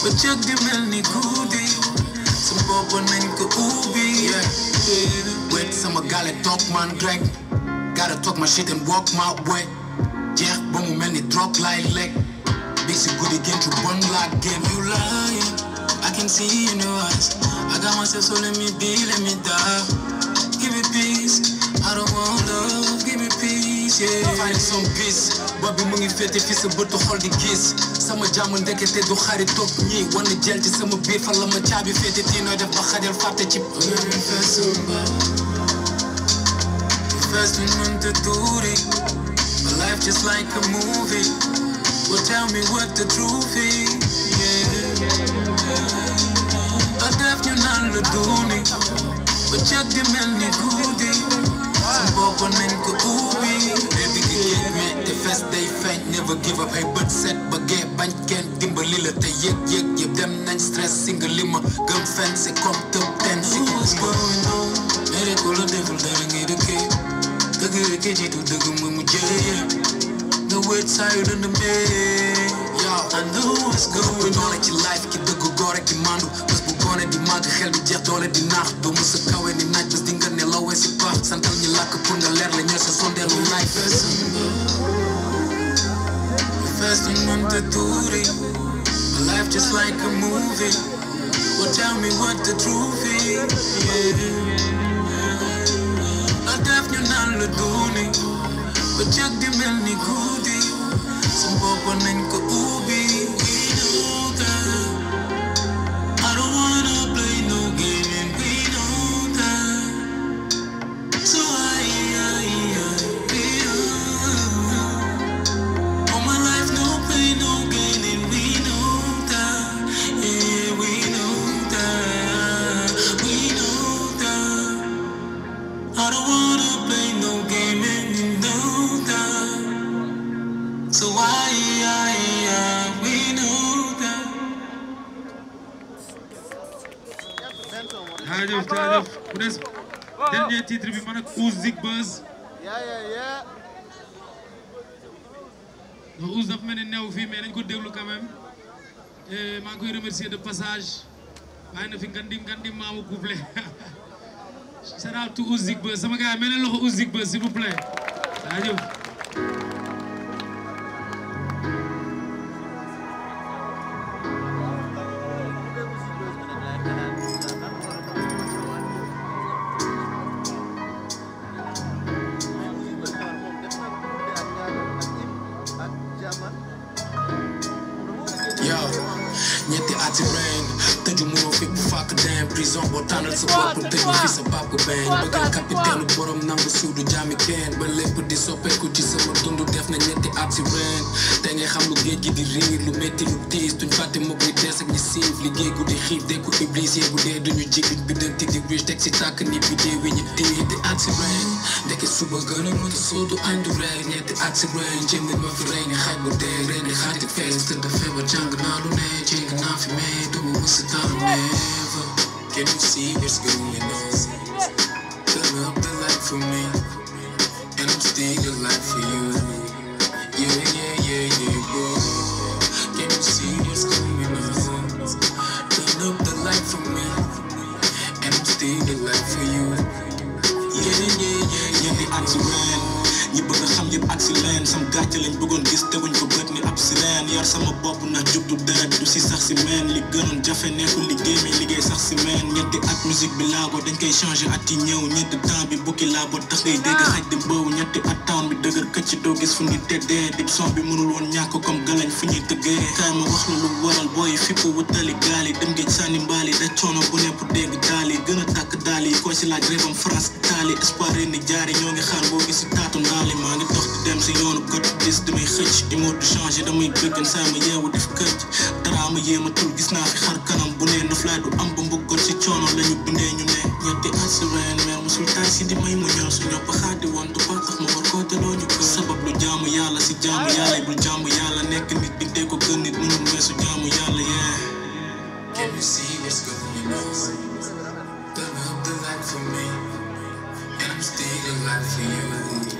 But you mel me nikudi Some popo na niko ubi Wait, some gal gale talk man Greg Gotta talk my shit and walk my way Yeah, boom, man, it drop like leg basic good again to one like game You lying, I can see in your eyes I got myself so let me be, let me die Give me peace, I don't want love, give me peace, yeah Find some peace, Bobby Mungi fete fisse but to hold the kiss jàmm ndekete du xari toog ñii wan jël ci sama biir fan la ma caabi féete tii nooy def ba xajal fàtte ci First we want to do My life just like a movie Well tell me what the truth is Yeah Ba def ñu naan lu but Ba cëg di mel ni guddi Sa bopp nañ ko ubbi Baby ki yéeg mais te fes day feeñ Never give up Hey, but. set bëggee bañ dimbali la te yëg yëg yëpp dem nañ stress si li ma gëm fenn c'est comme tëb ten si mere ko la deful dara dëgg rek ci life ki dëgg gore ki mandu bés bu goone di màgg xel bi jeex doole di naax doo mës a kawe ni naaj bés di nga ne lawee si paax santal ñi làkk pour leer la ñeer sa sondeel mu life last thing on the duty. My life just like a movie. Well, tell me what the truth is. Yeah. Adafnya na luduni. Pajag di mel ni gudi. Some ko nin ko Ouz dafa mel ne new fii mais nañ ko déglu quand même maa ngi koy remercier de passage bàyyi na fi ngandim ngandim maamu couple shout out to Ouz Big Buzz sama gars yi mel ne loxo Ouz Big Buzz s'il vous plaît jaajëf gi di riir lu metti lu tiis duñ fàtte ak ñi siif liggéey di xiif iblis yee bu dee duñu jigit bi dënti di teg si tàkk ni bi dee di aksi rain suba gën a mën àndu ñetti aksi rain ma fi rey ni xaj bu dee xaati fees feebar jàng naa lu ne naa fi taaru Can you see it's good enough? Turn up the light for me Yeah, I surrender. ñi bëgg xam yëpp ak si sam gàcce lañ bëggoon gis teguñ ko bët ni ab sireen yar sama bopp ndax jub du deret du si sax si meen li gënoon jafe nekkul liggéey sax si meen ñetti at musique bi laa ko dañ koy changé at yi ñëw ñetti temps bi bukki laa boo tax ngay dégg xaj di mbëw ñetti at town bi dëgër këcc doo gis fu ñuy teddee dib bi mënul woon ñàkk comme galañ fu ñuy tëggee kaay ma wax la lu waral booy fippu wutali gaal yi dem géej sànni mbaal a tàkk Mali changé gis fi kanam am si ne may sabab si Can you see what's going on? Turn up the light for me, and I'm still alive for you.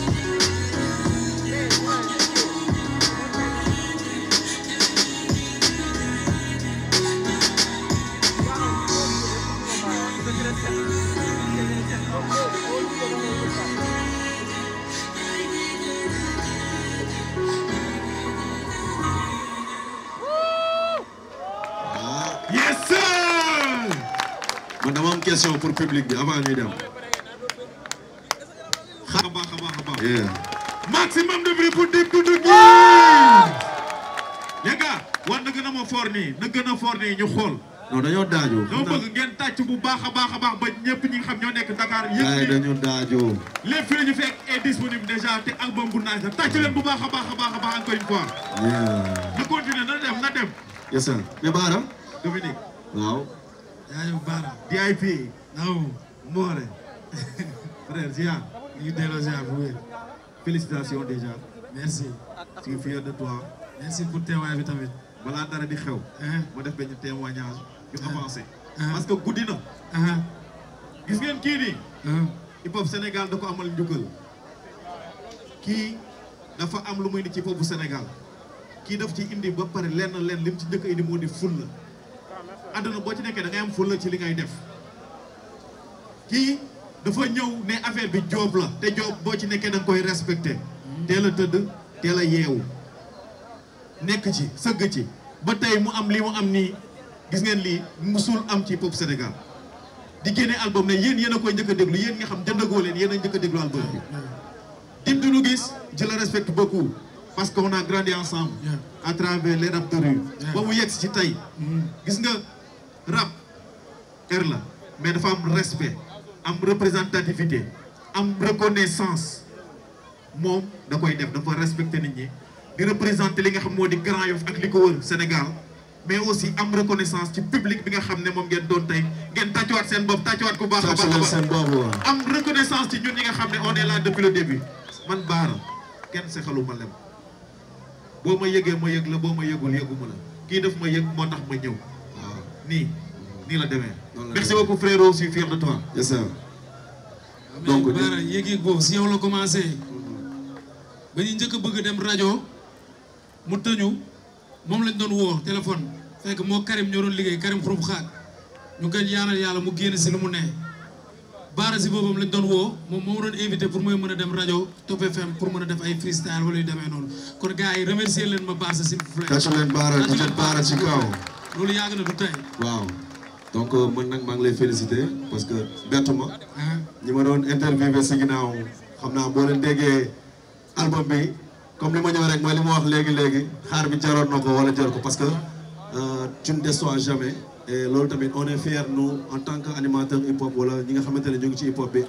am question pour public bi avant ñuy dem. xam nga baax a baax a baax. maximum de bruit pour Dip Doundou Guiss. les gars war na gën a ma foor nii na gën a foor nii ñu xool. non dañoo daajoo. dama bëgg ngeen tàcc bu baax a baax a baax ba ñëpp ñi nga xam ñoo nekk Dakar. yëpp dañu daajoo. les filles ñu fekk est disponible déjà te album bu naaj la tàcc leen bu baax a baax a baax a baax encore une fois. na continuer na dem na dem. yes sir mais Baara. Dominique waaw. yaayu baara DIP naw moore frère ziar ñu delloo ziar bu wér félicitations déjà merci je suis fier de merci pour teewaay bi tamit balaa dara di xew uh-huh. ma def benn témoignage ñu uh-huh. avancé uh-huh. parce que guddi na gis ngeen kii nii hip hop Sénégal da ko amal njukkal kii dafa am lu muy ni ci hip hop bu Sénégal kii daf ci indi ba pare lenn lenn lim ci dëkk a indi moo di ful la àdduna boo ci nekkee da ngay am fulla ci li ngay def kii dafa ñëw ne affaire bi joob la te joob boo ci nekkee da koy respecté teel a tëdd teel a yeewu nekk ci sëgg ci ba tey mu am lii mu am ni gis ngeen lii musul am ci pop Sénégal di génne album ne yéen yéen a koy njëkk a déglu yéen nga xam jëndagoo leen yéen a njëkk a déglu album bi Tim Doudou Guiss gis le respecte beaucoup parce qu'on a grandi ensemble à travers les ba mu yegg ci tey mm. rap, R la mais dafa am respect am représentativité am reconnaissance mom da koy def dafa respecter nit ñi di représenter li nga xam modi Grand yof ak li wër Sénégal mais aussi am reconnaissance ci public bi nga xam ne moom ngeen doon tey ngeen tàccuwaat seen bopp tàccuwaat ku baax a baax am reconnaissance ci ñun ñi nga xam ne on est là depuis le début man baara kenn se ma lem boo ma yëgee ma yëg la boo ma yëgul yëguma la kii daf ma yëg moo tax ma ñëw nii nii la demee. merci beaucoup frère aussi fier de toi. yes sir. donc mais Baara yéeg-yéeg boobu si yow la commencé. Mm-hmm. ba ñu njëkk bëgg dem rajo mu tëñu moom lañ doon woo téléphone fekk moo Karim ñoo doon liggéey Karim xurum xaat ñu koy yaanal yàlla mu génn si lu mu ne. Baara si boobam lañ doon woo moom moo doon invité pour mooy mën a dem rajo Top FM pour mën a def ay freestyle wala yu demee noonu kon gars yi remercier leen ma Baara si. kasu leen Baara kasu leen Baara si kaw. loolu yàgg waaw donc euh, man nag maa ngi lay féliciter parce que bett ma. Ah. ñi ma doon interviewé si ginnaaw xam naa boo leen déggee album bi comme li ma ñëw rek mooy li ma wax léegi léegi xaar bi jaroon na ko wala jar ko parce que euh, tu ne déçois jamais. loolu tamit on est fier nous en tant que animateur hip hop wala ñi nga xamante ne ñu ngi ci hip hop bi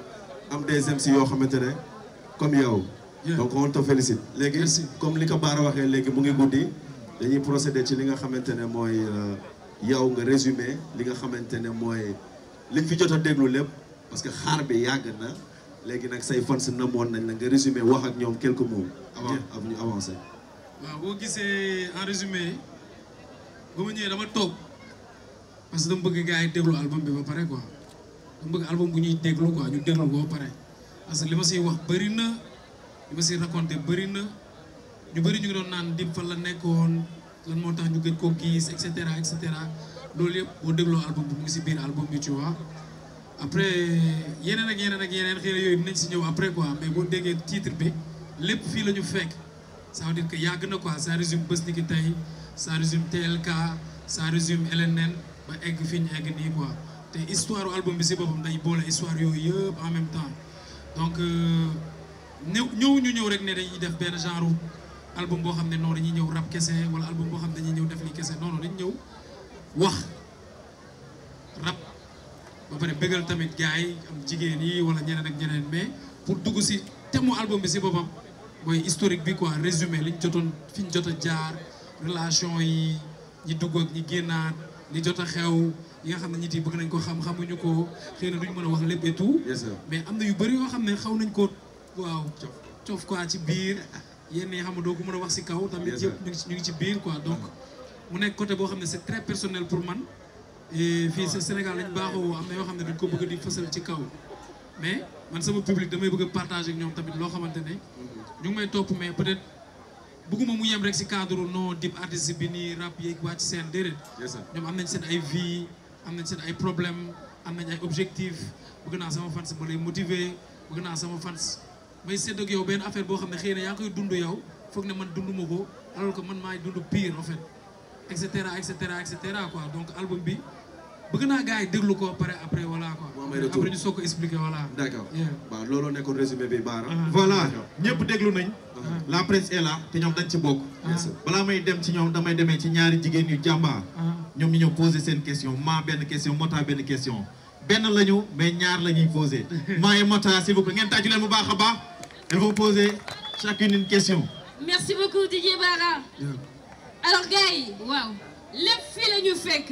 am des MC yoo xamante ne comme yow. donc on te félicite. léegi comme li ko a waxee léegi mu ngi guddi. dañuy procéder ci li nga xamante ne mooy euh, yow nga résumé li nga xamante ne mooy li fi jot a déglu lépp parce que xaar bi yàgg na léegi nag say fans namoon nañ la nga résumé wax ak ñoom quelques mots. avant avant ñu avancé. boo gisee en résumé ba ma ñëwee dama toog parce que dama bëgg gars yi déglu album bi ba pare quoi dama bëgg album bu ñuy déglu quoi ñu déglu ko pare parce que li ma siy wax bëri na li ma siy raconté bëri na. ñu bëri ñu ngi doon naan dip fan la nekkoon lan moo tax ñu gën koo gis et cetera et cetera loolu yëpp boo dégloo album bi mu ngi si biir album bi tu vois après yeneen ak yeneen ak yeneen xëy na yooyu dinañ si ñëw après quoi mais boo déggee titre bi lépp fii la ñu fekk ça veut dire que yàgg na quoi ça résume bés ni ki tey ça résume TLK ça résume LNN ba egg fi ñu egg nii quoi te histoire album bi si boppam day boole histoire yooyu yëpp en même temps donc ñëw euh, ñëw ñu ñëw rek ne dañuy def benn genre. album boo xam ne non dañuy ñëw rap kese wala album boo xam ne dañuy ñëw def li kese non non ñëw wax rap ba pare bëggal tamit gars yi am jigéen yi wala ñeneen ak ñeneen mais pour dugg si te mu album bi si boppam mooy historique bi quoi résumé liñ jotoon fi ñu jot a jaar relation yi ñi dugg ak ñi génnaat li jot a xew yaa xam ne nit yi bëgg nañ ko xam xamuñu ko xëy na duñ mën a wax lépp et tout. mais am na yu bëri yoo xam ne xaw nañ ko waaw cof cof quoi ci biir. yenn yi xam nga doo ko mën a wax si kaw tamit yëpp ñu ngi ci ñu ngi ci biir quoi donc mu nekk côté boo xam ne c'est très personnel pour man fii sa Sénégal lañ baaxoo am na yoo xam ne dañ ko bëgg di fësal ci kaw mais man sama public damay bëgg a partager ñoom tamit loo xamante ne ñu ngi may topp mais peut-être bëgguma mu yem rek si cadre non dip artiste bi nii rap yeeg wàcc seen déedéet ñoom am nañ seen ay vie am nañ seen ay problème am nañ ay objectif bëgg naa sama fans ma lay motiver bëgg naa fans mais c'est ak yow benn affaire bo xamné ne ya na yaa koy dund yow foog ne man dundu ma ko alors que man may dundou pire en fait et cetera et cetera et cetera quoi donc album bi bëgg na gaay déglou ko pare après voilà quoi. après ñu soko expliquer voilà. d'accord ba lolo looloo nekkoon résumé bi Baara. Ah. voilà ñëpp déglou nañ. Ah. la presse est là té ñom dañ ci bokk. Ah. balaa may dem ci ñoom damay démé ci ñaari jigéen yu jamba ñom ñu poser sen question ma ben question Mota ben question ben lañu mais ñaar lañuy poser posé Mota si bu ko ngeen tàjju leen bu baax a baax et vous posez chacune une question. Merci beaucoup Didier Barra. alors Gaï, wow, Les lépp fii la Je fekk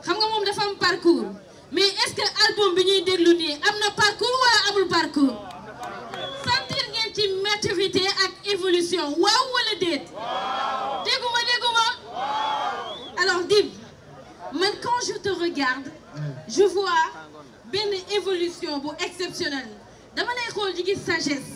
xam nga parcours mais est-ce que l'album bi ñuy un nii parcours wala un parcours. sentir une une maturité ak évolution waaw wala déet. dégguma dégguma. alors Dib quand je te regarde je vois une évolution exceptionnelle Dans lay xool di la sagesse.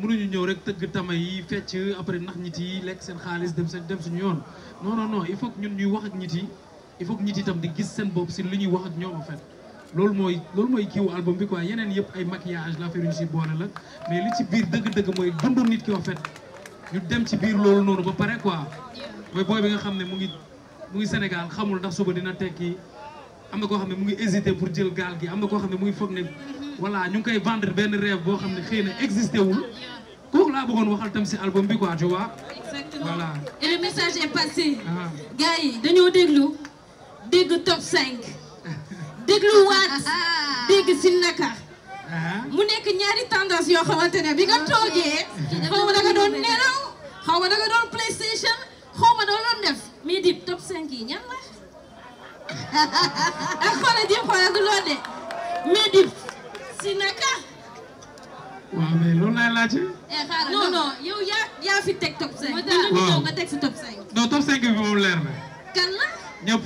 ñu ñëw rek tëgg tama yi fecc après nax nit yi lekk seen xaalis dem seen dem suñu yoon non non non il faut que wax ak nit yi il faut que yi tam di gis seen bopp si li ñuy wax ak ñoom en fait loolu mooy loolu mooy kiiwu album bi quoi yeneen yëpp ay maquillage la affaire yu si boole la mais li ci biir dëgg-dëgg mooy dundu nit ki en fait ñu dem ci biir loolu noonu ba pare quoi mooy booy bi nga xam ne mu ngi mu ngi Sénégal xamul ndax suba dina tekki am na koo xam ne mu ngi hésité pour jël gaal gi am na koo xam ne mu ngi foog ne voilà ñu ngi koy vendre benn rêve boo xam ne xëy na existé wul kooku laa bëggoon waxal tam album bi quoi tu vois. exactement voilà. message est passé. Ah. dañoo déglu dégg top 5 déglu waat ah. dégg si naka. Ah. mu nekk ñaari tendance yoo xamante ne bi nga ah. toogee. xaw ma doon nelaw xaw ma doon PlayStation xaw ma da def mais top 5 yi ñan la. ak xoolal ji xoolal du loolu de mais si naka. waaw mais loolu laay laajte. Eh, non non yow yaa yaa fi teg top 5. waaw nga teg si top 5. non top 5 bi moom leer na. kan la. ñëpp.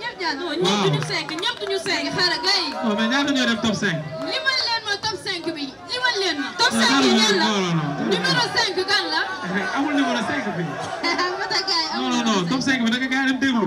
ñëpp jàll non ñëpp duñu 5 ñëpp duñu 5 xaaral gars yi. non mais ñaata ñoo dem top 5. li ma leen ma top 5 bi li ma leen ma. top 5 yi ñan la numéro 5 kan la. Eh, amul numéro 5 bi. non non top 5 bi da nga gars yi dem déglu.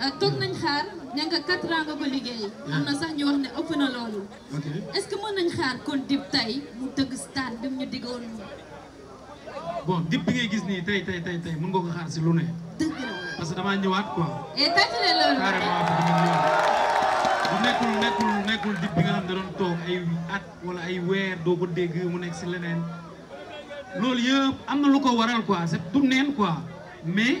Euh, toog nañ xaar ña nga nga ko liggéey ah. am na sax ñu wax ne ëpp na loolu est mën nañ xaar kon Dip tey mu tëgg stade bi ñu diggoon bon Dip bi ngay gis nii tey tey tey tey nga ko xaar si lu ne parce que damaa ñëwaat ko et eh, nekkul nekkul nekkul bi nga xam ne doon toog ay at wala ay weer doo ko dégg mu nekk ci leneen loolu yëpp am na lu ko waral quoi c'est du neen quoi mais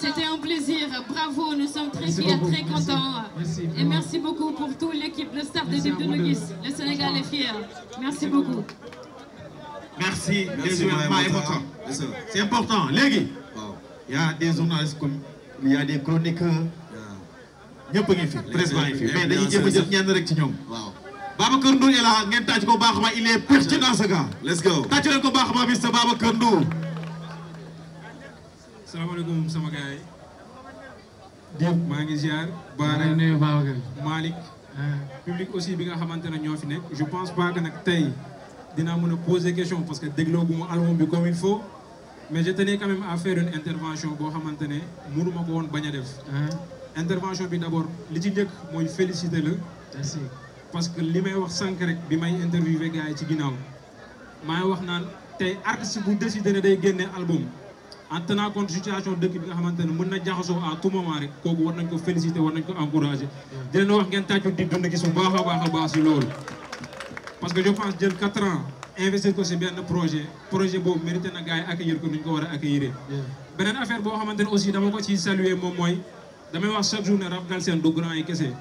C'était un plaisir. Bravo, nous sommes très fiers, très contents. Merci. Et merci beaucoup pour tout l'équipe, le staff des de Nogis. Le Sénégal est fier. Merci beaucoup. Merci, important C'est important. Légui, il y a des journalistes, il y a des chroniqueurs. il est pertinent ce gars. let's go salaamaaleykum sama gars yi. Diop maa ngi ziar. Baara ah. public aussi bi nga xamante je pense pas que nak tay. dinaa mën a poser question parce que dégloo gu ma album bi comme il faut. mais je tenais quand même à faire une intervention bo xamante ne mënuma ko ah. intervention bi d'abord. abord li ci njëkk mooy féliciter le. merci parce que li may wax sank rek bi may interviewé gars yi ci ginaaw. maa wax nan tay artiste bu décidé ne day album. en tenant compte situation dëkk bi nga xamante ne mën na jaxasoo à tout rek kooku war nañ ko féliciter war nañ ko encourager di leen wax ngeen tàccu di dund gis bu baax a loolu parce que je pense jël quatre ans investir ko si benn projet projet boobu mérité na gars yi accueillir ko ni ko war a accueillir beneen affaire boo xamante ne aussi dama ko ciy saluer moom mooy damay wax chaque jour ne Rap Galsen du grand yi kese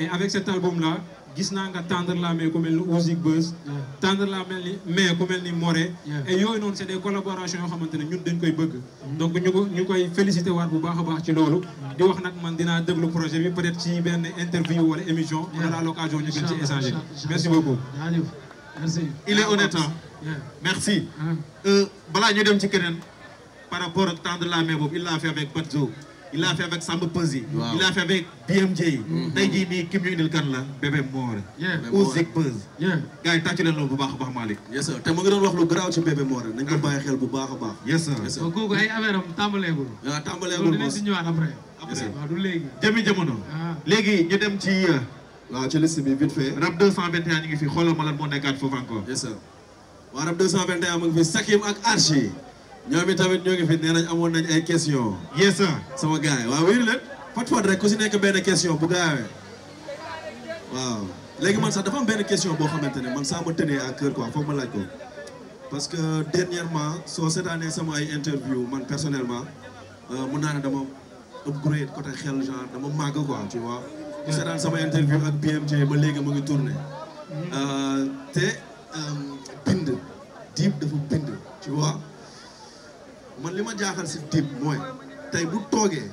et avec cet album là gis nga tendre la main ku mel ni Ouzik Buzz. tendre la mel ni main ku mel ni Moré. et yooyu non c'est des collaborations yoo xamante ne ñun dañ koy bëgg. donc ñu ko ñu koy félicité waat bu baax a baax ci loolu. di wax nag man dinaa déglu projet bi peut être ci benn interview wala émission. on aura l'occasion occasion ñu gën ci échanger. merci beaucoup. merci. il est honnête hein. merci. Uh-huh. Euh, balaa ñu dem ci keneen. par rapport à tendre la main boobu il l'a fait avec Patzo. il a fait avec Samba Peuzzi. waaw il a fait avec BMJ. Mhm. tey jii nii ki mu indil kan la Bébé Moore. Ouzik Peuz. gars yi tàcc loolu bu baax a baax Malick. yes sir te mu ngi doon wax lu garaaw ci Bébé Moore nañ ko bàyyi xel bu baax a baax. yes sir yes sir kon kooku ay affaire tàmbaleegul. Ah, waaw tàmbaleegul moom jamono. Ah. léegi ñu dem ci. Euh, waaw ci liste bi vite fait. rap 221 ñu ngi fi xoolal ma lan moo nekkaat foofu encore. yes sir waaw rap 221 mu ngi fi Sakim ñoom tamit ñoo ngi fi nee nañ amoon nañ ay question yes sir sama gars waaw wéru leen fat fat rek ku si nekk benn question bu gaawee waaw léegi man sax dafa am benn question boo xamante ne man ça me tenait à cœur quoi foog ma laaj ko parce que dernièrement soo seetaanee sama ay interview man personnellement euh, mun naa ne dama upgrade côté xel genre dama màgg quoi tu vois ku seetaan sama interview ak BMJ ba léegi mu ngi tourné mm-hmm. euh, te euh, bind diib man li ma jaaxal si Dip mooy tey bu toogee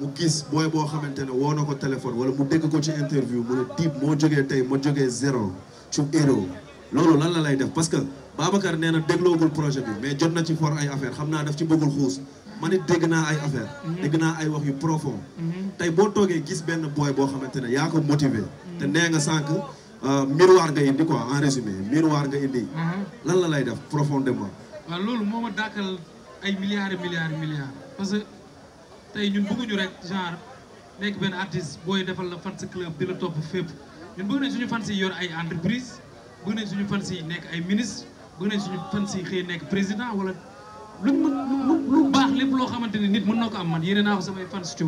mu gis booy boo xamante ne woo na ko téléphone wala mu dégg ko ci interview mu ne Dip moo jógee tey ma jógee zéro ci héros loolu lan la lay def parce que Babacar nee na dégloogul projet bi mais jot na ci for ay affaire xam naa def ci bëggul xuus ma ni dégg naa ay affaire mhm. dégg naa ay wax yu profond mhm. tay boo toogee gis benn booy boo xamante ne yaa ko motiver te nee nga sànq euh, miroir nga indi quoi en résumé miroir nga indi mhm. lan la lay def profondément waaw ay milliards milliards milliards parce que tey ñun bëgguñu rek genre nekk benn artiste booy defal la fans club di la topp fép ñun bëgg nañ suñu fans yi yor ay entreprise bëgg nañ suñu fans yi nekk ay ministre bëgg nañ suñu fans si xëy nekk président wala lu mën lu baax lépp loo xamante ni nit mën na ko am man yeneen naa ko samay fans tu